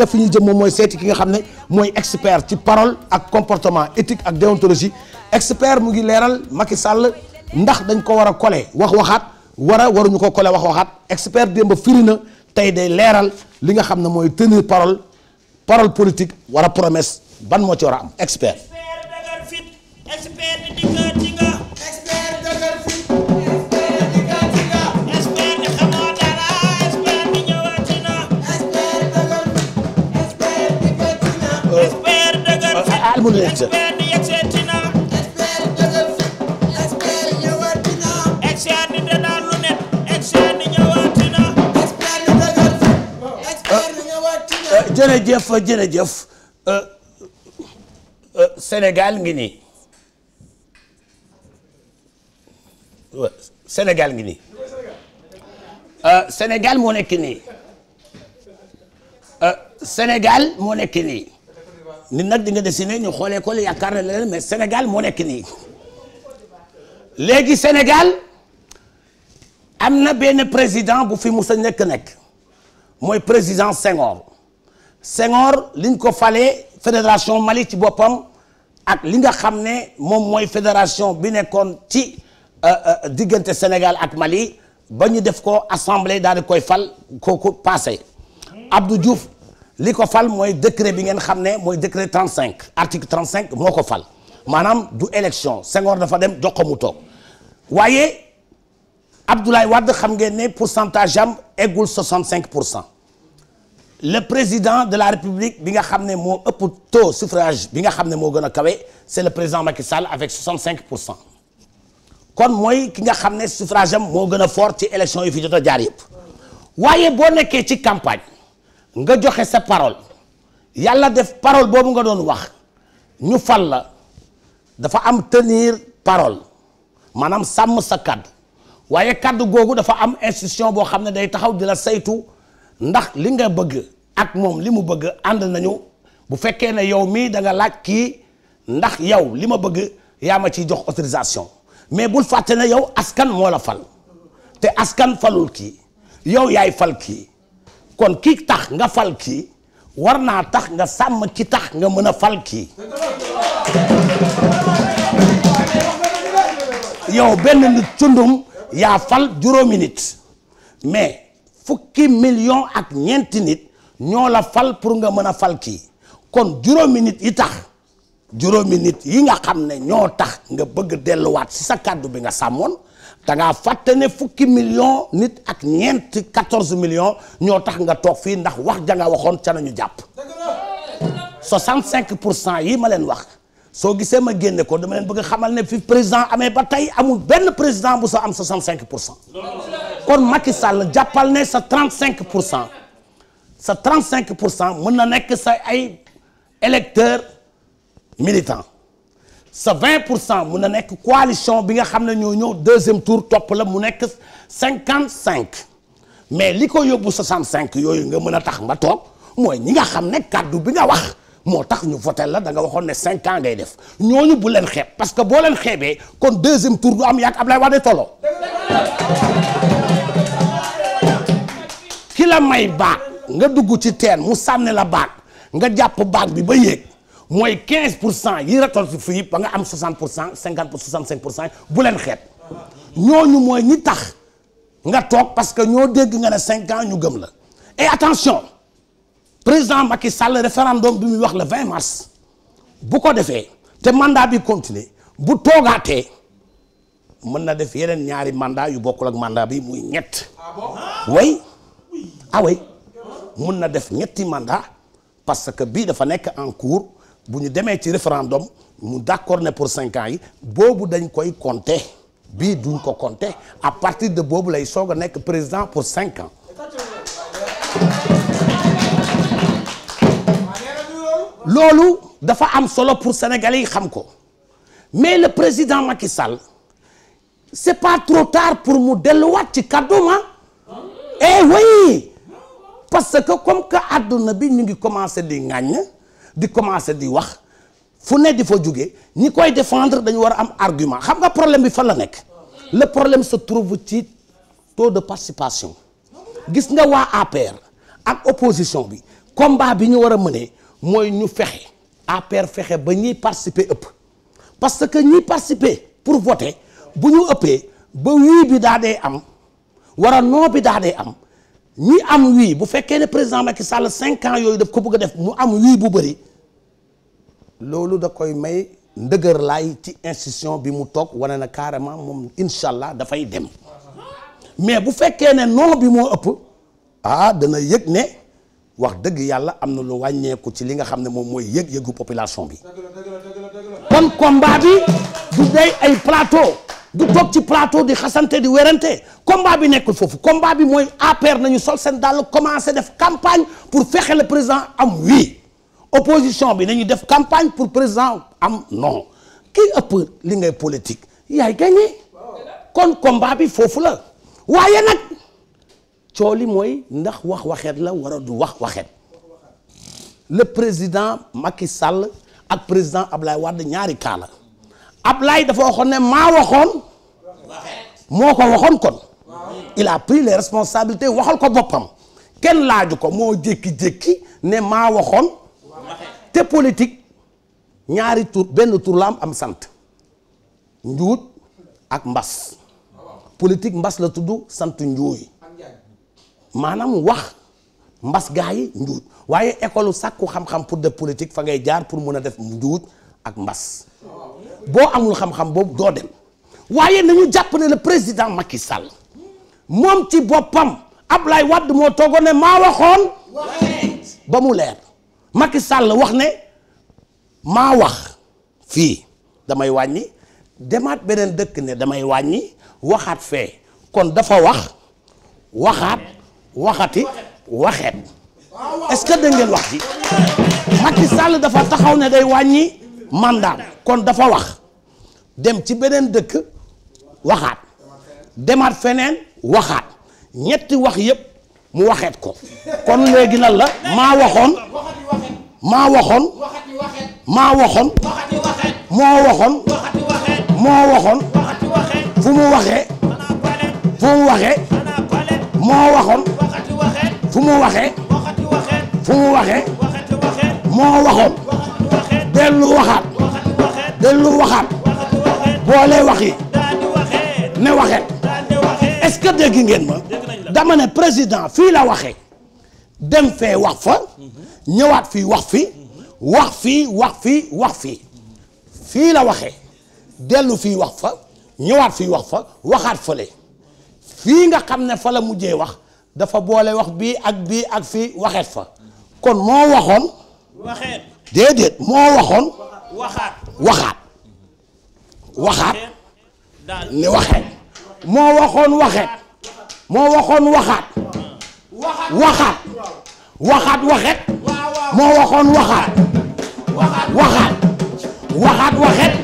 nag fi ñu jëm moom mooy seeti ki nga xam ne mooy expert ci parole ak comportement éthique ak déontologie expert mu ngi leeral Macky Sall ndax dañ ko war a kole wax waxaat war a waruñu ko kole wax waxaat expert démb firi na tey day leeral li nga xam ne mooy tenir parole parole politique war a promesse ban moo ci war a am expert. mënu yegg eh, seen jërëjëf jërëjëf eh, eh, Sénégal ngi nii Sénégal ngi nii Sénégal moo nekk nii Sénégal moo nekk nii ni nag di nga dessiné ñu xoolee ko la yaakaar na leneen mais Sénégal moo nekk nii léegi Sénégal am na benn président bu fi musa nekk nekk mooy président Senghor Senghor liñ ko falee fédération Mali ci boppam ak li nga xam ne moom mooy fédération bi nekkoon ci euh, euh, diggante Sénégal ak Mali ba ñu def ko assemblée daal di koy fal kooku passé Abdou Diouf li ko fal mooy décret bi ngeen xam ne mooy décret 35 article 35 moo ko fal maanaam du élection Senghor de dem jox ko mu toog waaye Abdoulaye Wade xam ngeen ne pourcentage am eggul 65 pour cent le président de la république bi nga xam ne moo ëpp taux suffrage bi nga xam ne moo gën a kawe c'est le président Macky Sall avec 65 pour cent kon mooy ki nga xam ne suffrage am moo gën a fort ci élection yi fi jot a jaar yëpp waaye boo nekkee ci campagne. nga joxe sa parole yàlla def parole boobu nga doon wax ñu fal la dafa am tenir parole maanaam sàmm sa kàddu waaye kàddu googu dafa am institution boo xam ne day taxaw di la saytu ndax li nga bëgg ak moom li mu bëgg ànd nañu bu fekkee ne yow mii da nga laaj kii ndax yow li ma bëgg yaa ma ciy jox autorisation mais bul fàtte ne yow askan moo la fal te askan falul kii yow yaay fal kii kon kii tax nga fal kii war naa tax nga sàmm ki tax nga mën a fal kii yow benn nit cundum yaa fal juróomi nit mais fukki million ak ñeenti nit ñoo la fal pour nga mën a fal kii kon juróomi nit yi tax juróomi nit yi nga xam ne ñoo tax nga bëgg delluwaat ci sa kàddu bi nga sàmmoon da ngaa fàtte ne fukki million nit ak ñeenti quatorze million ñoo tax nga toog fii ndax wax ja nga waxoon ca nañu jàpp. 65 pour cent yi ma leen wax soo gisee ma génne ko dama leen bëgg xamal ne fi président amee ba tey amul benn président bu sa am 65 pour cent. kon Macky Sall jàppal ne sa cinq pour cent sa trent cinq pour cent mën na nekk sa ay électeurs militants. sa 20 pour cent mun na nekk coalition bi nga xam ne ñoo ñëw deuxième tour topp la mu nekk cinq mais li ko yóbbu cinq yooyu nga mën a tax nga toog mooy ñi nga xam ne kàddu bi nga wax moo tax ñu voté la da nga waxoon ne 5 ans ngay def ñooñu bu leen xeeb parce que boo leen xeebee kon deuxième tour du am yàgg Ablaye Wade tolloo. ki la may baat nga dugg ci teen mu sànni la baat nga jàpp baax bi ba yéeg. mooy 15 pour cent yi récolte fii ba nga am 60 pour cent 50 pour 65 pour cent bu leen xeet ñooñu mooy ñi tax nga toog parce que ñoo dégg nga ne 5 ans ñu gëm la et attention président Macky Sall référendum bi muy wax le 20 mars bu ko defee te mandat bi continuer bu toogaatee mën na def yeneen ñaari mandat yu bokkul ak mandat bi muy ñett way ah way ah mën na def ñetti mandat parce que bii dafa nekk en cours bu ñu demee ci référendum mu d'accord ne pour cinq ans yi boobu dañ koy compter bii duñ ko compter à partir de boobu lay soog a nekk président pour cinq ans loolu dafa am solo pour sénégalais yi xam ko mais le président Macky Sall c'est pas trop tard pour mu delluwaat ci kàddu ma ah. eh oui parce que comme que àdduna bi ñu ngi commencer di ŋàññ di commencer di wax fu ne di fa jóge ñi koy défendre dañu war a am argument xam nga problème bi fan la nekk le problème se trouve ci taux de participation gis nga waa APR ak opposition bi combat bi ñu war a mënee mooy ñu fexe APR fexe ba ñiy participer ëpp parce que ñiy participer pour voter bu ñu ëppee ba wii bi daa dee am wara non bi daa dee am ñi am wii bu fekkee ne président Macky Sall cinq ans yooyu daf ko bëgg def mu am wii bu bëri loolu da koy may ndëgër laay ci institution bi mu toog wane na carrément moom incha allah dafay dem mais bu fekkee ne non bi moo ëpp ah dana yëg ne wax dëgg yàlla am na lu wàññeeku ci li nga xam ne moom mooy yëg-yëgu population bi kon combat bi du day ay plateau du toog ci plateau di xasante di werante combat bi nekkul foofu combat bi mooy APR nañu sol seen dàll commencé def campagne pour fexe la président am oui opposition bi nañu def campagne pour président am non kii ëpp li ngay politique yaay gagné kon combat bi foofu la waaye nag cooli mooy ndax wax waxeet la war a du wax waxeet le président Macky Sall ak président ab Ablaye Wade ñaari kaa la ab Ablaye dafa waxoon ne maa waxoon moo ko waxoon kon il la pris les responsabilités waxal ko boppam kenn laaju ko moo jékki-jékki ne maa waxoon te politique ñaari tur benn tur la am sant njuut ak mbas politique mbas la tudd sant njuuy maanaam wax mbas gaa yi njuut waaye école sàkku xam-xam pour def politique fa ngay jaar pour mun a def njuut ak mbas boo amul xam-xam boobu doo dem waaye nañu jàpp ne le président Macky Sall moom ci boppam ab lay wàdd moo toogoon ne maa waxoon ba mu leer Macky Sall wax ne maa wax fii damay wàññi demaat beneen dëkk ne damay wàññi waxaat fee kon dafa wax waxaat waxati waxeet est-ce que da ngeen wax ci Macky Sall dafa taxaw ne day wàññi mandat kon dafa wax dem ci beneen dëkk waxaat demaat feneen waxaat ñetti wax yépp mu waxeet ko kon léegi lan la maa waxoon maa waxoon maa waxoon moo waxoon moo waxoon fu mu waxee fu mu waxee moo waxoon fu mu waxee fu mu waxee moo waxoon dellu waxaat dellu waxaat boole waxi ne waxet est-ce que dégg ngeen ma dama ne président fii la waxee dem fee wax fa ñëwaat fii wax fi wax fii wax fii wax fii fii la waxee dellu fii wax fa ñëwaat fii wax fa waxaat fële fii nga xam ne fa la mujjee wax dafa boole wax bii ak bii ak fii waxeet fa kon moo waxoon déedéet moo waxoon. waxaat waxaat. waxaat ne waxeet. moo waxoon waxeet. moo waxoon waxaat. waxaat. waxaat waxeet. moo waxoon waxaat. waxaat waxeet.